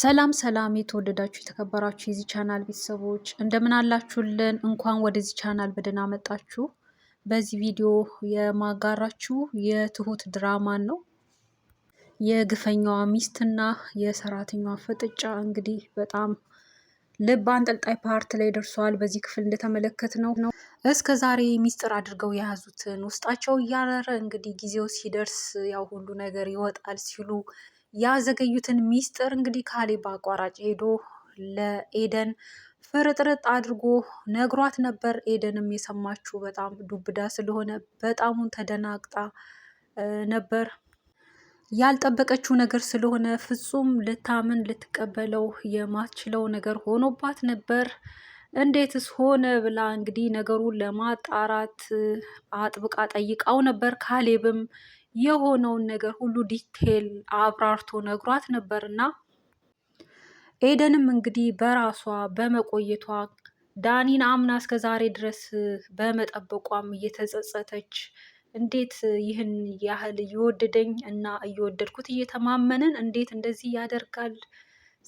ሰላም ሰላም የተወደዳችሁ የተከበራችሁ የዚህ ቻናል ቤተሰቦች እንደምን አላችሁልን? እንኳን ወደዚህ ቻናል በደህና መጣችሁ። በዚህ ቪዲዮ የማጋራችሁ የትሁት ድራማን ነው። የግፈኛዋ ሚስትና የሰራተኛዋ ፍጥጫ እንግዲህ በጣም ልብ አንጠልጣይ ፓርት ላይ ደርሰዋል። በዚህ ክፍል እንደተመለከት ነው ነው እስከ ዛሬ ሚስጥር አድርገው የያዙትን ውስጣቸው እያረረ እንግዲህ ጊዜው ሲደርስ ያው ሁሉ ነገር ይወጣል ሲሉ ያዘገዩትን ሚስጥር እንግዲህ ካሌብ አቋራጭ ሄዶ ለኤደን ፍርጥርጥ አድርጎ ነግሯት ነበር። ኤደንም የሰማችው በጣም ዱብዳ ስለሆነ በጣሙን ተደናግጣ ነበር። ያልጠበቀችው ነገር ስለሆነ ፍጹም ልታምን ልትቀበለው የማትችለው ነገር ሆኖባት ነበር። እንዴትስ ሆነ ብላ እንግዲህ ነገሩን ለማጣራት አጥብቃ ጠይቃው ነበር። ካሌብም የሆነውን ነገር ሁሉ ዲቴል አብራርቶ ነግሯት ነበርና ኤደንም እንግዲህ በራሷ በመቆየቷ ዳኒን አምና እስከ ዛሬ ድረስ በመጠበቋም እየተጸጸተች እንዴት ይህን ያህል እየወደደኝ እና እየወደድኩት እየተማመንን እንዴት እንደዚህ ያደርጋል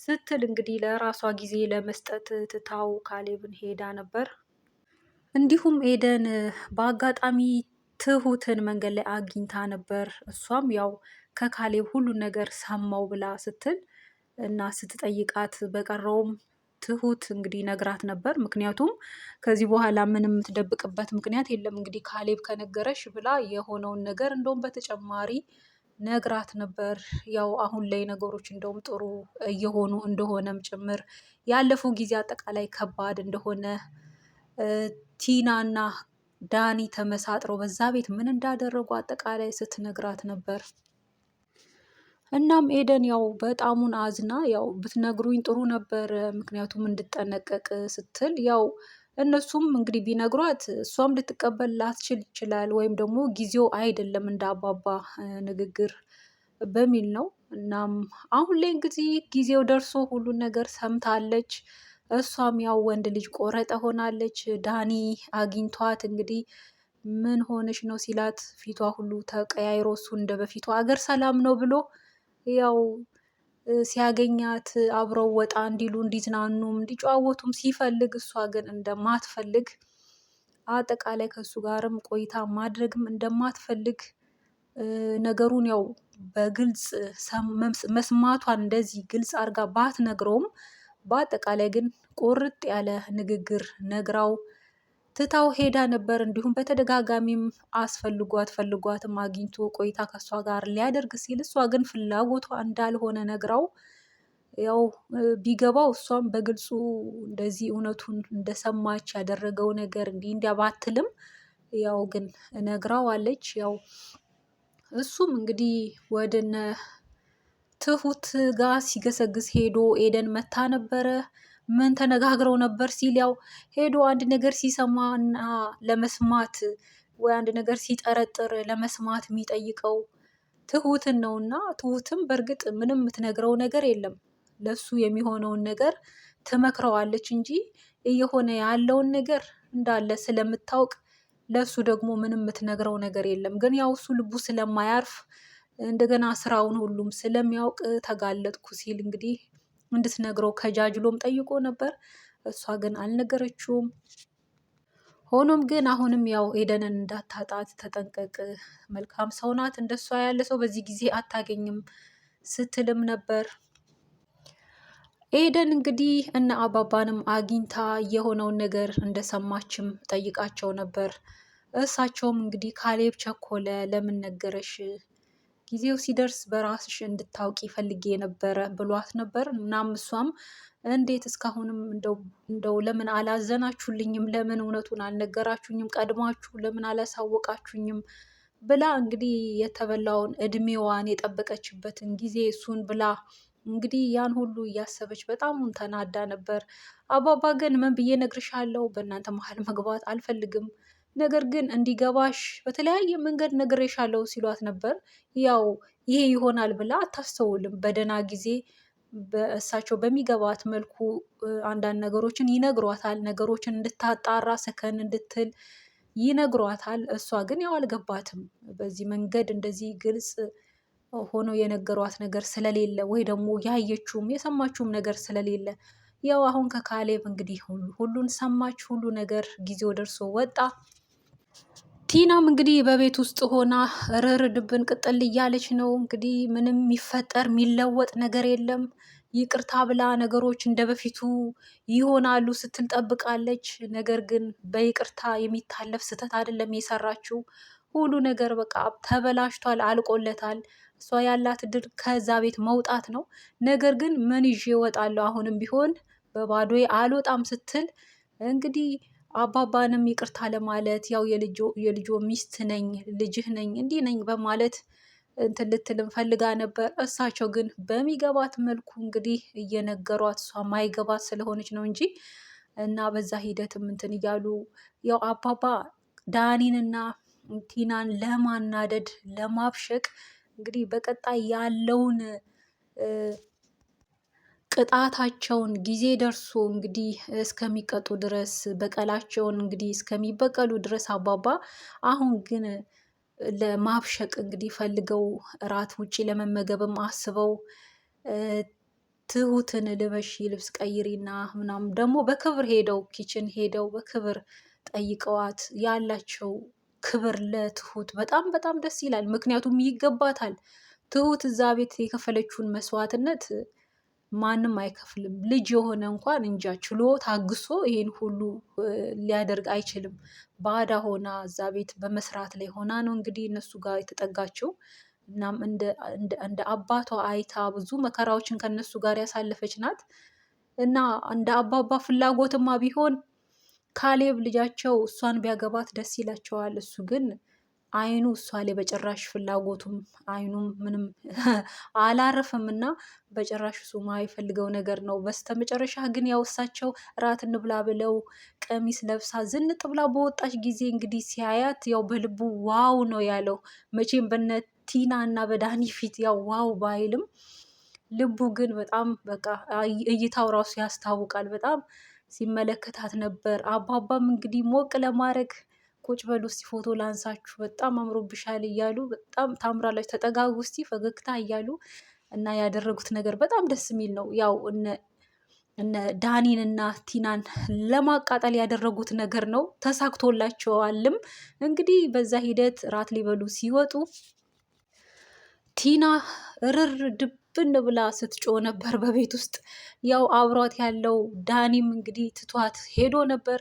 ስትል እንግዲህ ለራሷ ጊዜ ለመስጠት ትታው ካሌብን ሄዳ ነበር። እንዲሁም ኤደን በአጋጣሚ ትሁትን መንገድ ላይ አግኝታ ነበር። እሷም ያው ከካሌብ ሁሉን ነገር ሰማው ብላ ስትል እና ስትጠይቃት በቀረውም ትሁት እንግዲህ ነግራት ነበር። ምክንያቱም ከዚህ በኋላ ምንም የምትደብቅበት ምክንያት የለም እንግዲህ ካሌብ ከነገረሽ ብላ የሆነውን ነገር እንደውም በተጨማሪ ነግራት ነበር። ያው አሁን ላይ ነገሮች እንደውም ጥሩ እየሆኑ እንደሆነም ጭምር ያለፈው ጊዜ አጠቃላይ ከባድ እንደሆነ እና ዳኒ ተመሳጥሮ በዛ ቤት ምን እንዳደረጉ አጠቃላይ ስትነግራት ነበር። እናም ኤደን ያው በጣሙን አዝና ያው ብትነግሩኝ ጥሩ ነበር ምክንያቱም እንድጠነቀቅ ስትል ያው እነሱም እንግዲህ ቢነግሯት እሷም ልትቀበል ላትችል ይችላል፣ ወይም ደግሞ ጊዜው አይደለም እንደ አባባ ንግግር በሚል ነው። እናም አሁን ላይ እንግዲህ ጊዜው ደርሶ ሁሉን ነገር ሰምታለች። እሷም ያው ወንድ ልጅ ቆረጠ ሆናለች። ዳኒ አግኝቷት እንግዲህ ምን ሆነሽ ነው ሲላት ፊቷ ሁሉ ተቀያይሮ እሱ እንደ በፊቱ አገር ሰላም ነው ብሎ ያው ሲያገኛት አብረው ወጣ እንዲሉ እንዲዝናኑም እንዲጨዋወቱም ሲፈልግ እሷ ግን እንደማትፈልግ አጠቃላይ ከእሱ ጋርም ቆይታ ማድረግም እንደማትፈልግ ነገሩን ያው በግልጽ መስማቷን እንደዚህ ግልጽ አድርጋ ባትነግረውም በአጠቃላይ ግን ቁርጥ ያለ ንግግር ነግራው ትታው ሄዳ ነበር። እንዲሁም በተደጋጋሚም አስፈልጓት ፈልጓትም አግኝቶ ቆይታ ከእሷ ጋር ሊያደርግ ሲል እሷ ግን ፍላጎቷ እንዳልሆነ ነግራው ያው ቢገባው እሷም በግልጹ እንደዚህ እውነቱን እንደሰማች ያደረገው ነገር እንዲህ እንዲያባትልም ያው ግን ነግራው አለች። ያው እሱም እንግዲህ ወደነ ትሁት ጋር ሲገሰግስ ሄዶ ኤደን መታ ነበረ። ምን ተነጋግረው ነበር ሲል ያው ሄዶ አንድ ነገር ሲሰማ እና ለመስማት ወይ አንድ ነገር ሲጠረጥር ለመስማት የሚጠይቀው ትሁትን ነው እና ትሁትም በእርግጥ ምንም የምትነግረው ነገር የለም ለሱ የሚሆነውን ነገር ትመክረዋለች እንጂ እየሆነ ያለውን ነገር እንዳለ ስለምታውቅ ለሱ ደግሞ ምንም የምትነግረው ነገር የለም። ግን ያው እሱ ልቡ ስለማያርፍ እንደገና ስራውን ሁሉም ስለሚያውቅ ተጋለጥኩ ሲል እንግዲህ እንድትነግረው ከጃጅሎም ጠይቆ ነበር። እሷ ግን አልነገረችውም። ሆኖም ግን አሁንም ያው ኤደንን እንዳታጣት ተጠንቀቅ፣ መልካም ሰው ናት፣ እንደሷ ያለ ሰው በዚህ ጊዜ አታገኝም ስትልም ነበር። ኤደን እንግዲህ እነ አባባንም አግኝታ የሆነውን ነገር እንደሰማችም ጠይቃቸው ነበር። እሳቸውም እንግዲህ ካሌብ ቸኮለ ለምን ነገረሽ ጊዜው ሲደርስ በራስሽ እንድታውቂ ፈልጌ ነበረ ብሏት ነበር። እናም እሷም እንዴት እስካሁንም እንደው ለምን አላዘናችሁልኝም? ለምን እውነቱን አልነገራችሁኝም? ቀድማችሁ ለምን አላሳወቃችሁኝም? ብላ እንግዲህ የተበላውን እድሜዋን የጠበቀችበትን ጊዜ እሱን ብላ እንግዲህ ያን ሁሉ እያሰበች በጣም ተናዳ ነበር። አባባ ግን ምን ብዬ ነግርሻለሁ፣ በእናንተ መሀል መግባት አልፈልግም ነገር ግን እንዲገባሽ በተለያየ መንገድ ነግሬሻለሁ ሲሏት ነበር። ያው ይሄ ይሆናል ብላ አታስተውልም። በደህና ጊዜ በእሳቸው በሚገባት መልኩ አንዳንድ ነገሮችን ይነግሯታል። ነገሮችን እንድታጣራ ሰከን እንድትል ይነግሯታል። እሷ ግን ያው አልገባትም። በዚህ መንገድ እንደዚህ ግልጽ ሆነው የነገሯት ነገር ስለሌለ ወይ ደግሞ ያየችውም የሰማችውም ነገር ስለሌለ ያው አሁን ከካሌብ እንግዲህ ሁሉን ሰማች። ሁሉ ነገር ጊዜው ደርሶ ወጣ። ቲናም እንግዲህ በቤት ውስጥ ሆና ርር ድብን ቅጥል እያለች ነው። እንግዲህ ምንም የሚፈጠር የሚለወጥ ነገር የለም። ይቅርታ ብላ ነገሮች እንደ በፊቱ ይሆናሉ ስትል ጠብቃለች። ነገር ግን በይቅርታ የሚታለፍ ስህተት አይደለም የሰራችው። ሁሉ ነገር በቃ ተበላሽቷል፣ አልቆለታል። እሷ ያላት ድር ከዛ ቤት መውጣት ነው። ነገር ግን ምን ይዤ እወጣለሁ? አሁንም ቢሆን በባዶ አልወጣም ስትል እንግዲህ አባባንም ይቅርታ ለማለት ያው የልጆ ሚስት ነኝ ልጅህ ነኝ እንዲህ ነኝ በማለት እንትን ልትልም ፈልጋ ነበር። እሳቸው ግን በሚገባት መልኩ እንግዲህ እየነገሯት እሷ ማይገባት ስለሆነች ነው እንጂ እና በዛ ሂደትም እንትን እያሉ ያው አባባ ዳኒንና ቲናን ለማናደድ ለማብሸቅ እንግዲህ በቀጣይ ያለውን ቅጣታቸውን ጊዜ ደርሶ እንግዲህ እስከሚቀጡ ድረስ በቀላቸውን እንግዲህ እስከሚበቀሉ ድረስ አባባ አሁን ግን ለማብሸቅ እንግዲህ ፈልገው እራት ውጪ ለመመገብም አስበው ትሁትን ልበሽ ልብስ ቀይሪና ምናምን ደግሞ በክብር ሄደው ኪችን ሄደው በክብር ጠይቀዋት ያላቸው ክብር ለትሁት በጣም በጣም ደስ ይላል። ምክንያቱም ይገባታል። ትሁት እዛ ቤት የከፈለችውን መስዋዕትነት ማንም አይከፍልም። ልጅ የሆነ እንኳን እንጃ ችሎ ታግሶ ይሄን ሁሉ ሊያደርግ አይችልም። ባዳ ሆና እዛ ቤት በመስራት ላይ ሆና ነው እንግዲህ እነሱ ጋር የተጠጋችው። እናም እንደ አባቷ አይታ ብዙ መከራዎችን ከነሱ ጋር ያሳለፈች ናት እና እንደ አባባ ፍላጎትማ ቢሆን ካሌብ ልጃቸው እሷን ቢያገባት ደስ ይላቸዋል። እሱ ግን አይኑ እሷ ላይ በጭራሽ ፍላጎቱም አይኑም ምንም አላረፈም እና በጭራሽ እሱ የማይፈልገው ነገር ነው። በስተመጨረሻ ግን ያወሳቸው እራት እንብላ ብለው ቀሚስ ለብሳ ዝንጥ ብላ በወጣች ጊዜ እንግዲህ ሲያያት ያው በልቡ ዋው ነው ያለው። መቼም በነ ቲና እና በዳኒ ፊት ያው ዋው ባይልም ልቡ ግን በጣም በቃ እይታው ራሱ ያስታውቃል። በጣም ሲመለከታት ነበር። አባባም እንግዲህ ሞቅ ለማድረግ ቁጭ በሉ እስቲ ፎቶ ላንሳችሁ በጣም አምሮብሻል እያሉ በጣም ታምራላችሁ፣ ተጠጋጉ እስቲ ፈገግታ እያሉ እና ያደረጉት ነገር በጣም ደስ የሚል ነው። ያው እነ ዳኒን እና ቲናን ለማቃጠል ያደረጉት ነገር ነው። ተሳክቶላቸዋልም። እንግዲህ በዛ ሂደት ራት ሊበሉ ሲወጡ ቲና ርር ድብን ብላ ስትጮ ነበር በቤት ውስጥ። ያው አብሯት ያለው ዳኒም እንግዲህ ትቷት ሄዶ ነበር።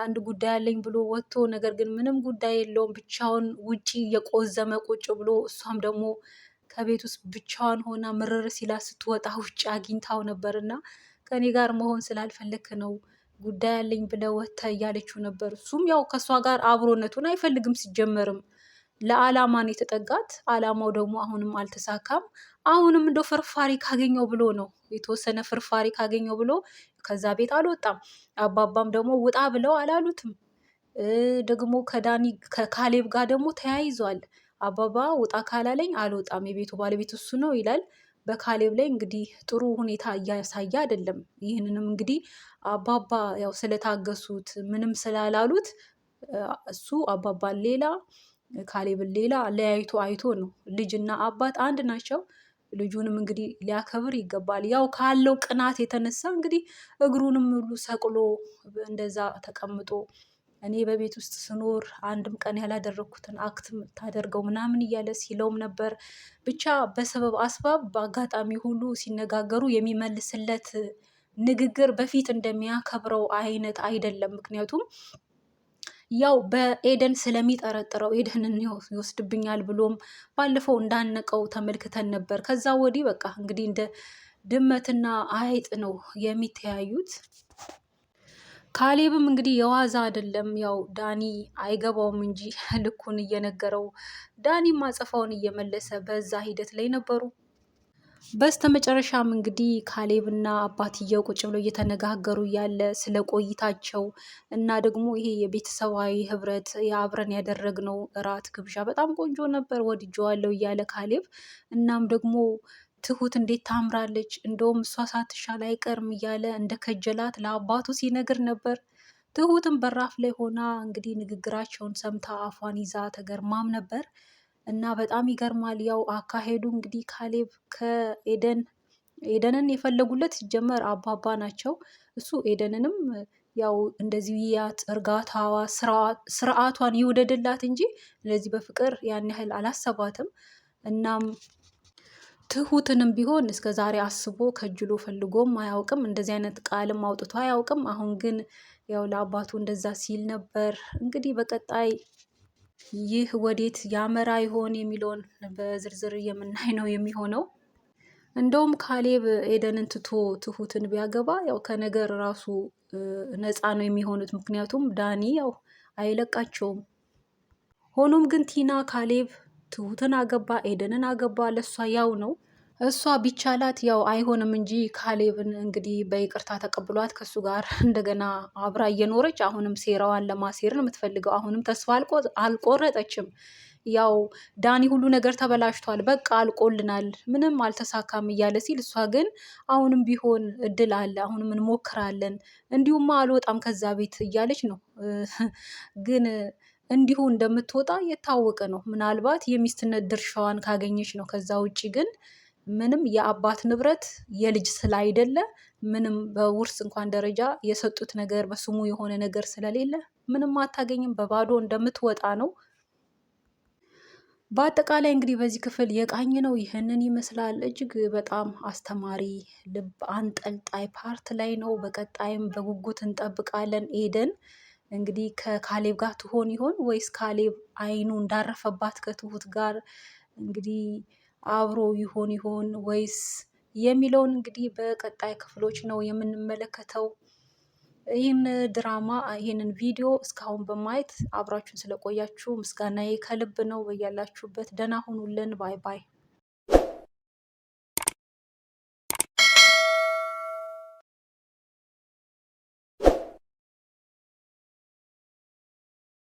አንድ ጉዳይ አለኝ ብሎ ወጥቶ ነገር ግን ምንም ጉዳይ የለውም ብቻውን ውጪ የቆዘመ ቁጭ ብሎ እሷም ደግሞ ከቤት ውስጥ ብቻዋን ሆና ምርር ሲላ ስትወጣ ውጭ አግኝታው ነበር እና ከኔ ጋር መሆን ስላልፈለክ ነው ጉዳይ አለኝ ብለ ወጥተ እያለችው ነበር። እሱም ያው ከእሷ ጋር አብሮነቱን አይፈልግም ሲጀመርም ለዓላማ ነው የተጠጋት። ዓላማው ደግሞ አሁንም አልተሳካም። አሁንም እንደው ፍርፋሪ ካገኘው ብሎ ነው የተወሰነ ፍርፋሪ ካገኘው ብሎ ከዛ ቤት አልወጣም። አባባም ደግሞ ውጣ ብለው አላሉትም። ደግሞ ከዳኒ ከካሌብ ጋር ደግሞ ተያይዟል። አባባ ውጣ ካላለኝ አልወጣም፣ የቤቱ ባለቤት እሱ ነው ይላል። በካሌብ ላይ እንግዲህ ጥሩ ሁኔታ እያሳየ አይደለም። ይህንንም እንግዲህ አባባ ያው ስለታገሱት ምንም ስላላሉት እሱ አባባን ሌላ ካሌብን ሌላ ለያይቶ አይቶ ነው። ልጅና አባት አንድ ናቸው። ልጁንም እንግዲህ ሊያከብር ይገባል። ያው ካለው ቅናት የተነሳ እንግዲህ እግሩንም ሁሉ ሰቅሎ እንደዛ ተቀምጦ እኔ በቤት ውስጥ ስኖር አንድም ቀን ያላደረግኩትን አክት ታደርገው ምናምን እያለ ሲለውም ነበር። ብቻ በሰበብ አስባብ በአጋጣሚ ሁሉ ሲነጋገሩ የሚመልስለት ንግግር በፊት እንደሚያከብረው አይነት አይደለም። ምክንያቱም ያው በኤደን ስለሚጠረጥረው ኤደንን ይወስድብኛል ብሎም ባለፈው እንዳነቀው ተመልክተን ነበር። ከዛ ወዲህ በቃ እንግዲህ እንደ ድመትና አይጥ ነው የሚተያዩት። ካሌብም እንግዲህ የዋዛ አይደለም ያው ዳኒ አይገባውም እንጂ ልኩን እየነገረው ዳኒም አጸፋውን እየመለሰ በዛ ሂደት ላይ ነበሩ። በስተመጨረሻም እንግዲህ ካሌብና አባትየው ቁጭ ብለው እየተነጋገሩ ያለ ስለ ቆይታቸው እና ደግሞ ይሄ የቤተሰባዊ ህብረት የአብረን ያደረግነው እራት ግብዣ በጣም ቆንጆ ነበር ወድጀዋለው እያለ ካሌብ እናም ደግሞ ትሁት እንዴት ታምራለች፣ እንደውም እሷ ሳትሻል አይቀርም እያለ እንደ ከጀላት ለአባቱ ሲነግር ነበር። ትሁትም በራፍ ላይ ሆና እንግዲህ ንግግራቸውን ሰምታ አፏን ይዛ ተገርማም ነበር። እና በጣም ይገርማል። ያው አካሄዱ እንግዲህ ካሌብ ከኤደን ኤደንን የፈለጉለት ሲጀመር አባባ ናቸው። እሱ ኤደንንም ያው እንደዚህ ውያት እርጋታዋ፣ ስርዓቷን ይውደድላት እንጂ እንደዚህ በፍቅር ያን ያህል አላሰባትም። እናም ትሁትንም ቢሆን እስከ ዛሬ አስቦ ከጅሎ ፈልጎም አያውቅም። እንደዚህ አይነት ቃልም አውጥቶ አያውቅም። አሁን ግን ያው ለአባቱ እንደዛ ሲል ነበር። እንግዲህ በቀጣይ ይህ ወዴት ያመራ ይሆን የሚለውን በዝርዝር የምናይ ነው የሚሆነው። እንደውም ካሌብ ኤደንን ትቶ ትሁትን ቢያገባ ያው ከነገር ራሱ ነፃ ነው የሚሆኑት። ምክንያቱም ዳኒ ያው አይለቃቸውም። ሆኖም ግን ቲና ካሌብ ትሁትን አገባ፣ ኤደንን አገባ ለሷ ያው ነው። እሷ ቢቻላት ያው አይሆንም እንጂ ካሌብን እንግዲህ በይቅርታ ተቀብሏት ከሱ ጋር እንደገና አብራ እየኖረች አሁንም ሴራዋን ለማሴር ነው የምትፈልገው። አሁንም ተስፋ አልቆረጠችም። ያው ዳኒ ሁሉ ነገር ተበላሽቷል፣ በቃ አልቆልናል፣ ምንም አልተሳካም እያለ ሲል እሷ ግን አሁንም ቢሆን እድል አለ፣ አሁንም እንሞክራለን፣ እንዲሁም አልወጣም ከዛ ቤት እያለች ነው። ግን እንዲሁ እንደምትወጣ የታወቀ ነው። ምናልባት የሚስትነት ድርሻዋን ካገኘች ነው። ከዛ ውጭ ግን ምንም የአባት ንብረት የልጅ ስላይደለ ምንም በውርስ እንኳን ደረጃ የሰጡት ነገር በስሙ የሆነ ነገር ስለሌለ ምንም አታገኝም። በባዶ እንደምትወጣ ነው። በአጠቃላይ እንግዲህ በዚህ ክፍል የቃኝ ነው ይህንን ይመስላል። እጅግ በጣም አስተማሪ ልብ አንጠልጣይ ፓርት ላይ ነው። በቀጣይም በጉጉት እንጠብቃለን። ኤደን እንግዲህ ከካሌብ ጋር ትሆን ይሆን ወይስ ካሌብ አይኑ እንዳረፈባት ከትሁት ጋር እንግዲህ አብሮ ይሆን ይሆን ወይስ የሚለውን እንግዲህ በቀጣይ ክፍሎች ነው የምንመለከተው። ይህን ድራማ ይህንን ቪዲዮ እስካሁን በማየት አብራችሁን ስለቆያችሁ ምስጋናዬ ከልብ ነው። በያላችሁበት ደህና ሁኑልን። ባይ ባይ።